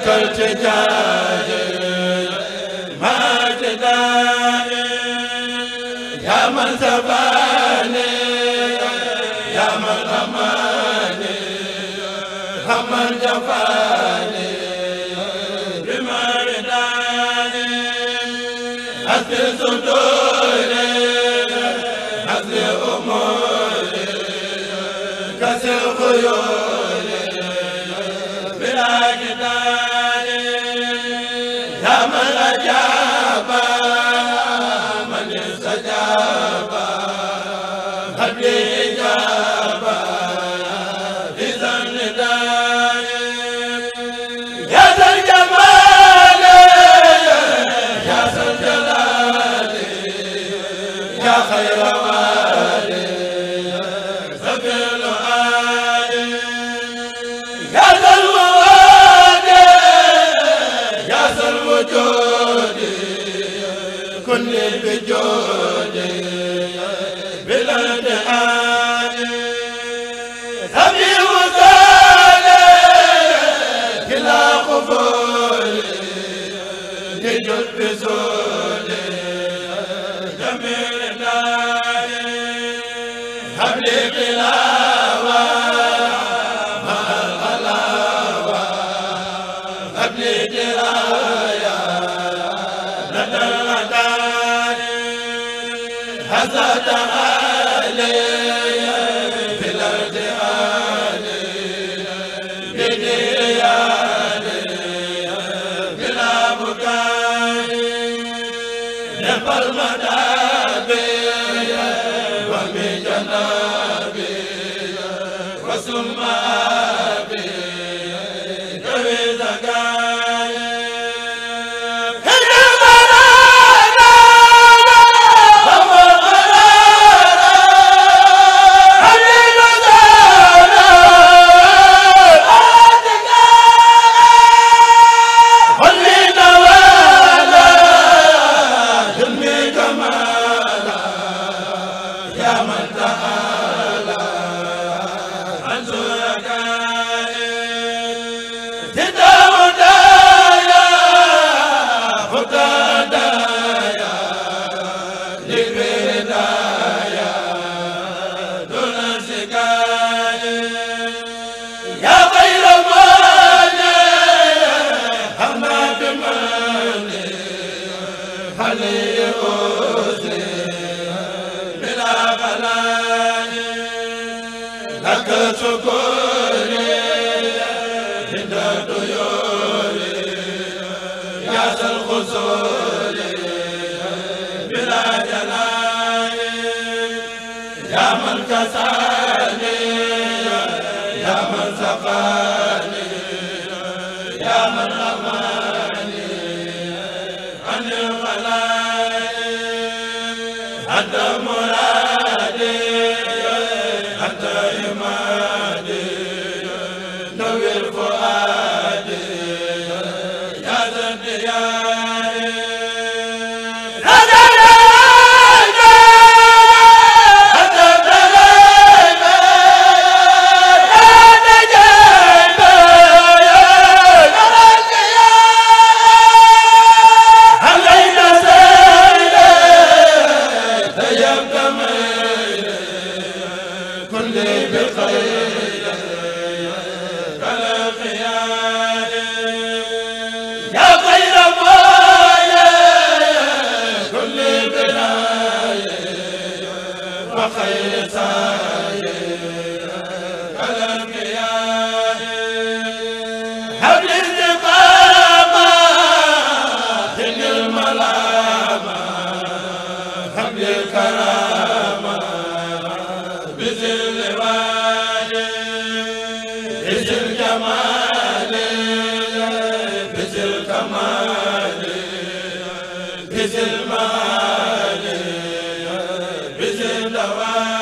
man ma la wa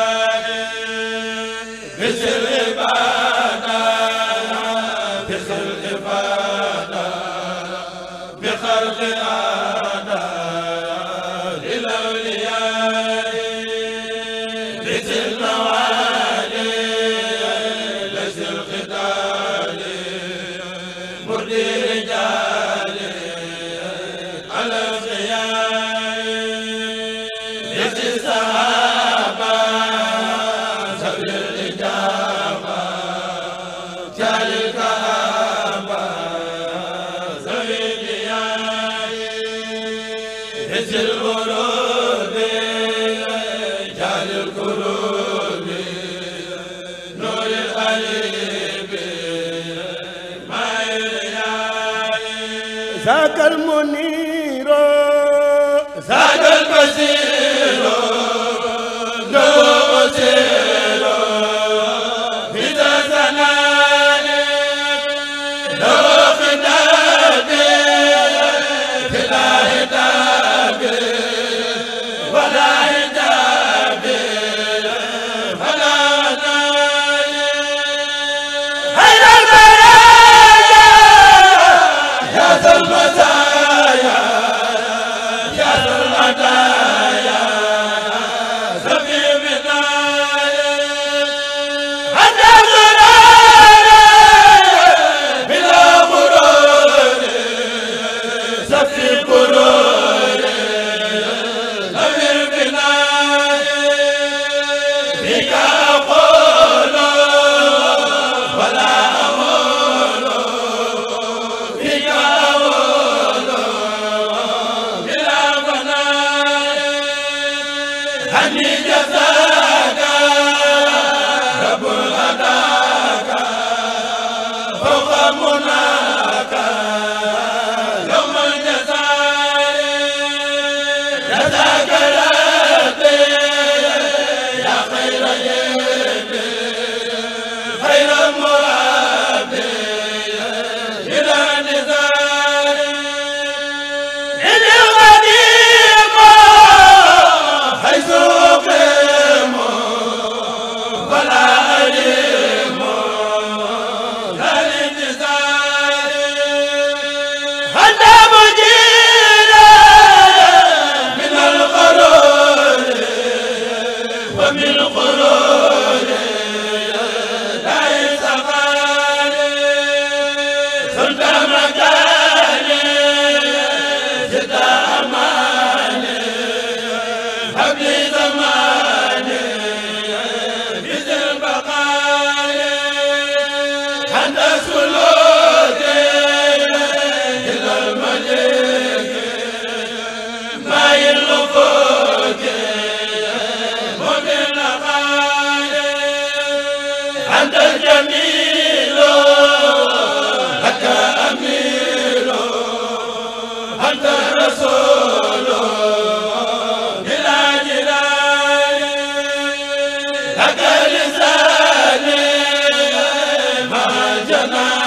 jana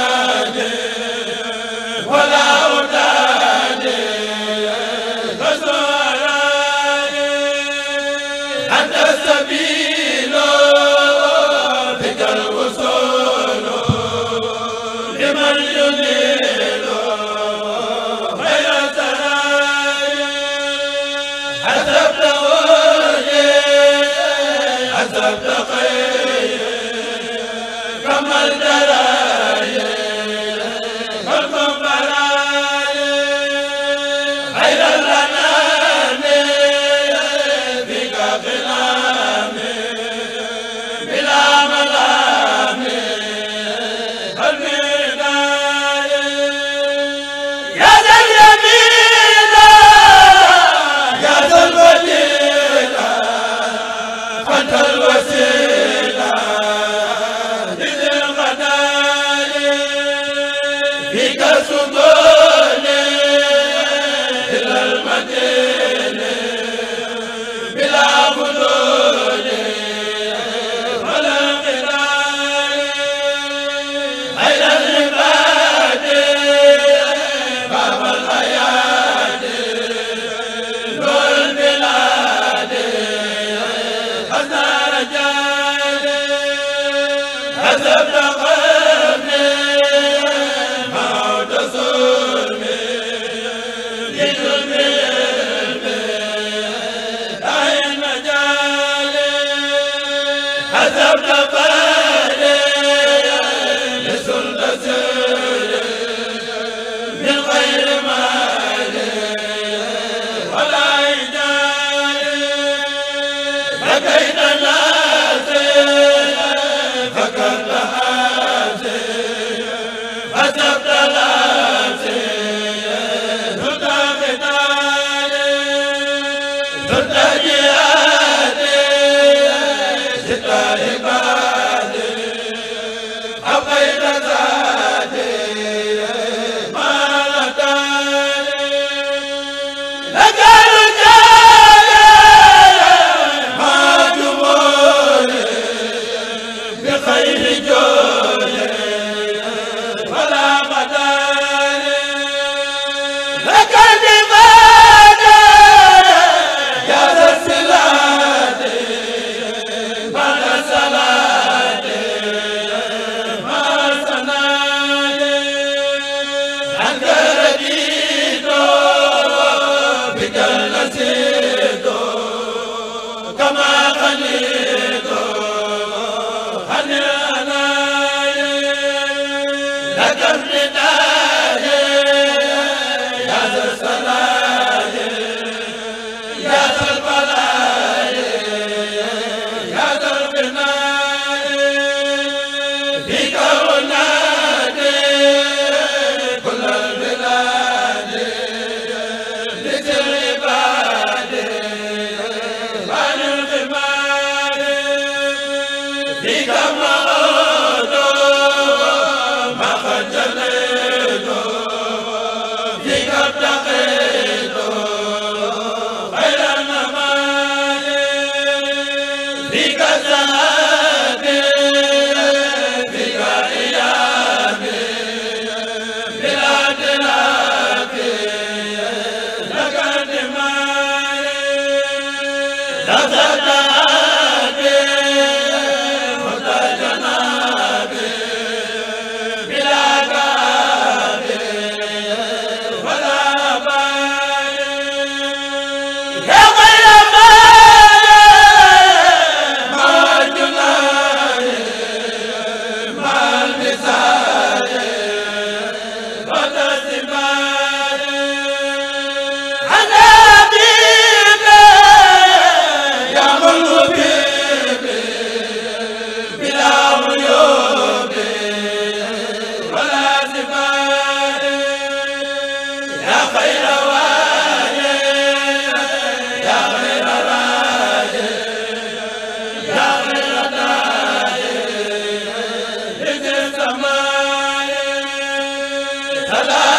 salaam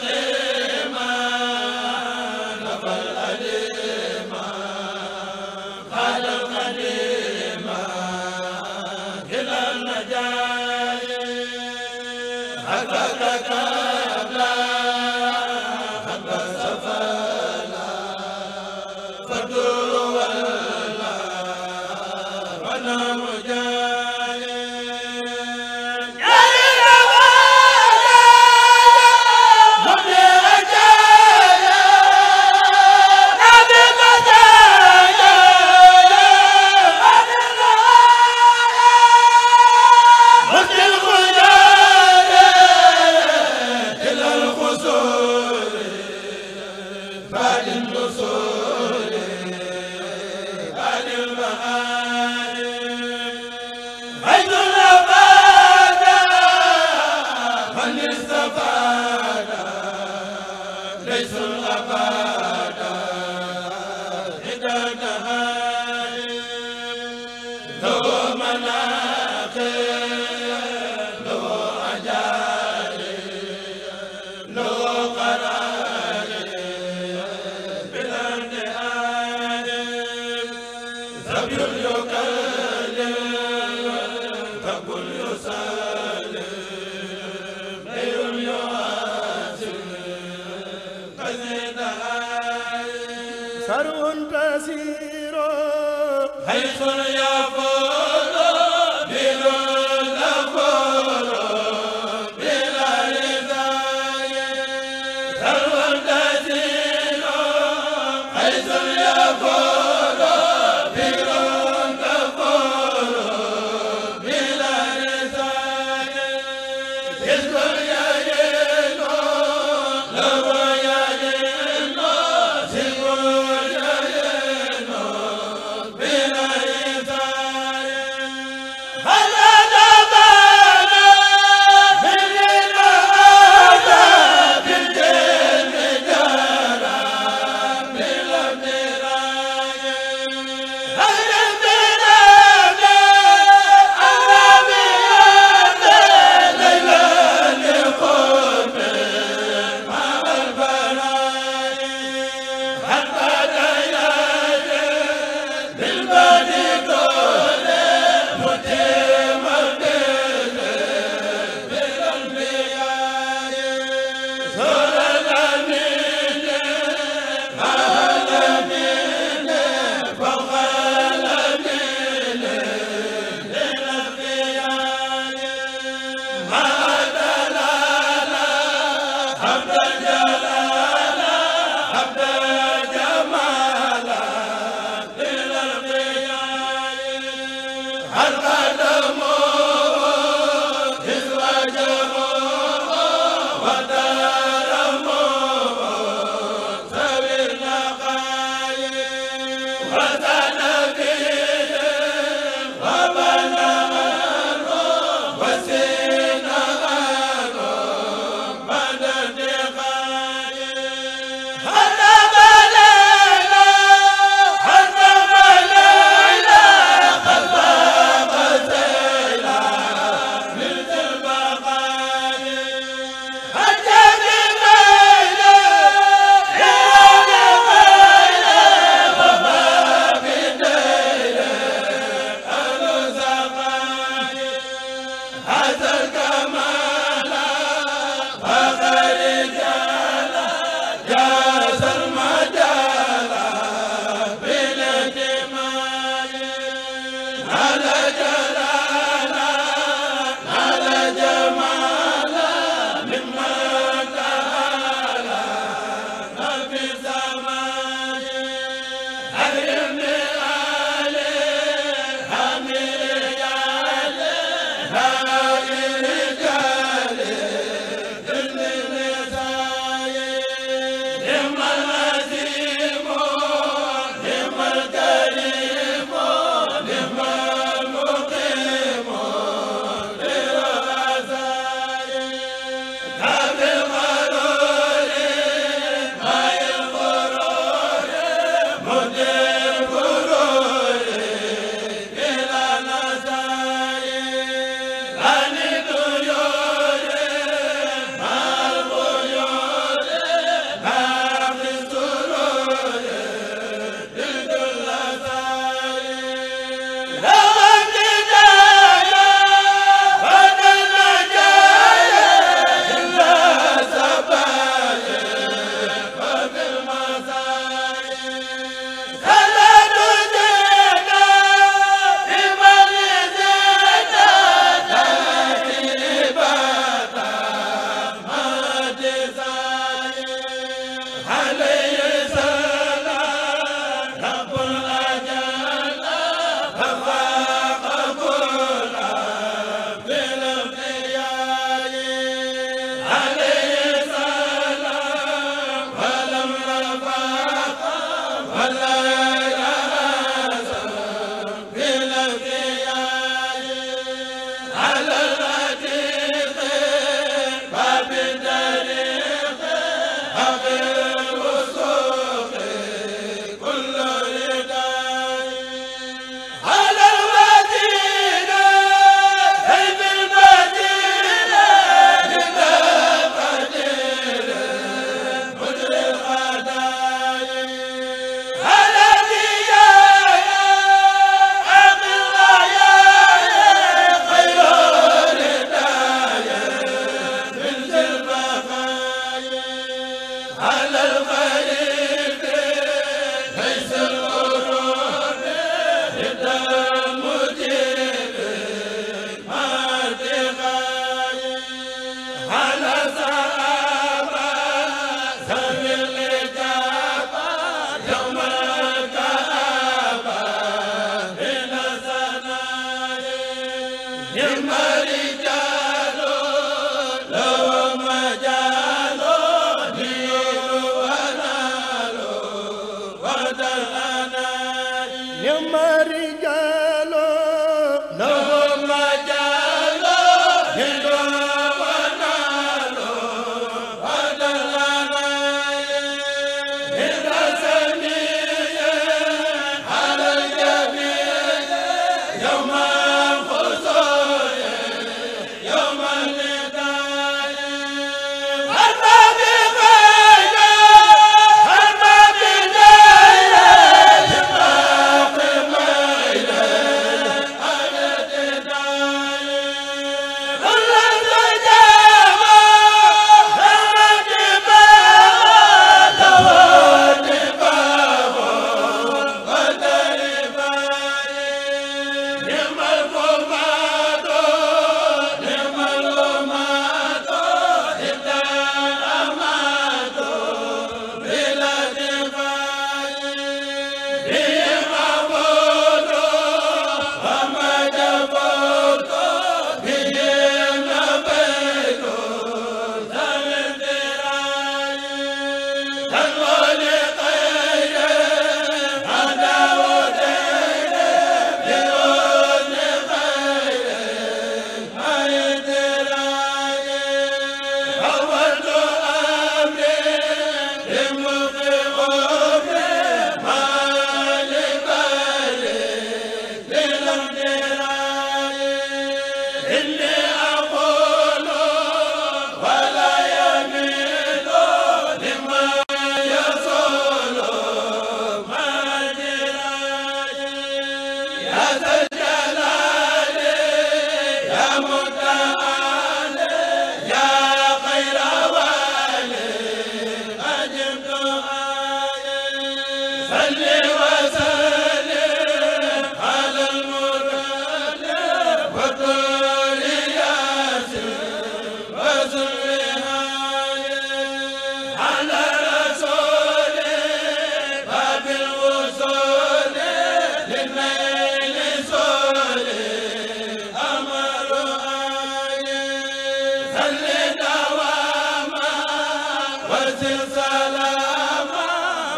Amen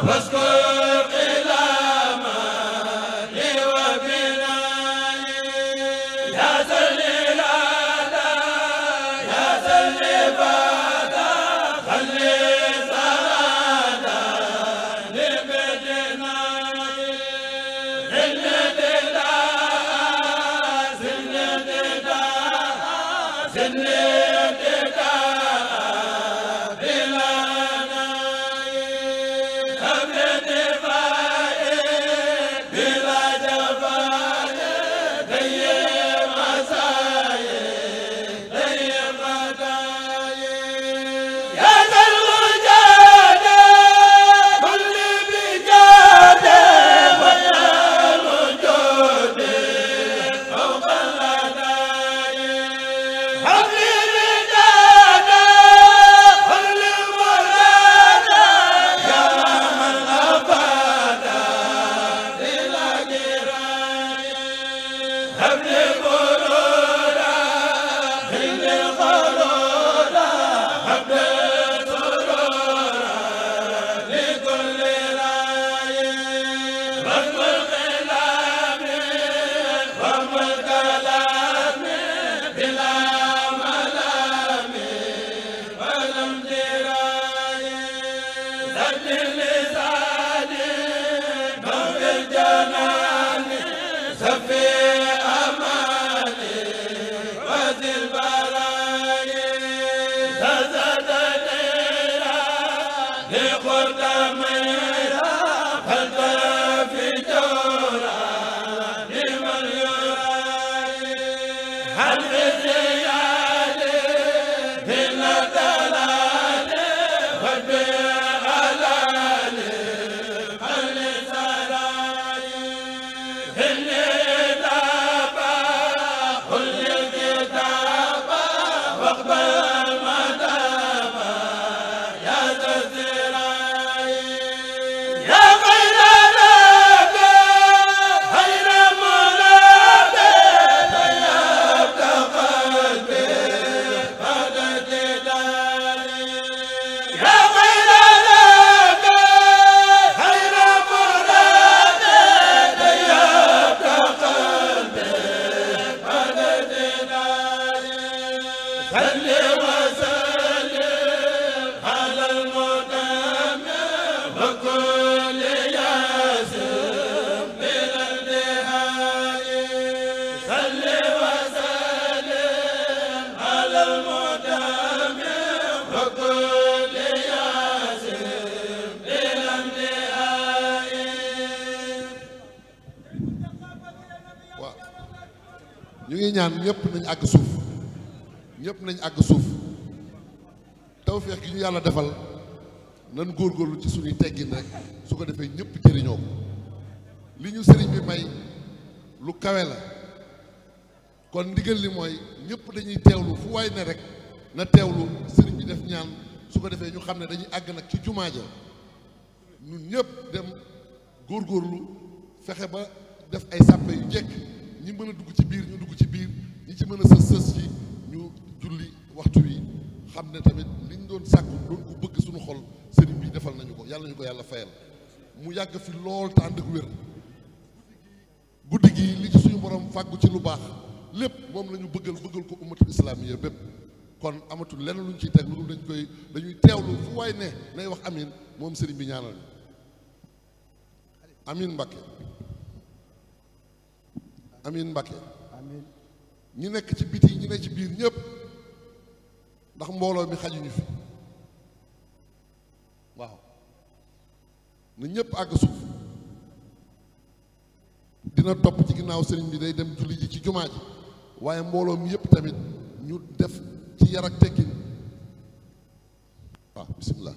waskur habda ak suuf ñëpp nañ àgg suuf tawféex gi ñu yàlla defal nan góorlu ci suñuy teggin rek su ko defee ñëpp jëriñoo ko li ñu sëriñ bi may lu kawe la kon ndigal li mooy ñëpp dañuy teew teewlu fu waay ne rek na teewlu sëriñ bi def ñaan su ko defee ñu xam ne dañuy àgg nag ci jumaa ja ñun ñëpp dem góorgóorlu fexe ba def ay sàppe yu jekk ñi mën dugg ci biir ñu dugg ci biir li ci mën a sës sës ci ñu julli waxtu wi xam ne tamit liñ doon sàkku doon ko bëgg suñu xol sëriñ bi defal nañu ko yàlla nañu ko yàlla fayal mu yàgg fi lool te ànd wér guddi gi li ci suñu borom fàggu ci lu baax lépp moom lañu ñu bëggal bëggal ko ummatul islaamiya bépp kon amatul leneen luñ ciy teg lu dul dañ koy dañuy teewlu fu waay ne nay wax amin moom sëriñ bi ñaanal amin Mbàkke amin Mbàkke ñu nekk ci biti ñu ne ci biir ñëpp ndax mbooloo mi xajuñu fi waaw na ñëpp àgg suuf dina topp ci ginnaaw sëriñ bi day dem julli ji ci jumaa ji waaye mbooloo mi yëpp tamit ñu def ci yar ak teggin waaw bisimilah.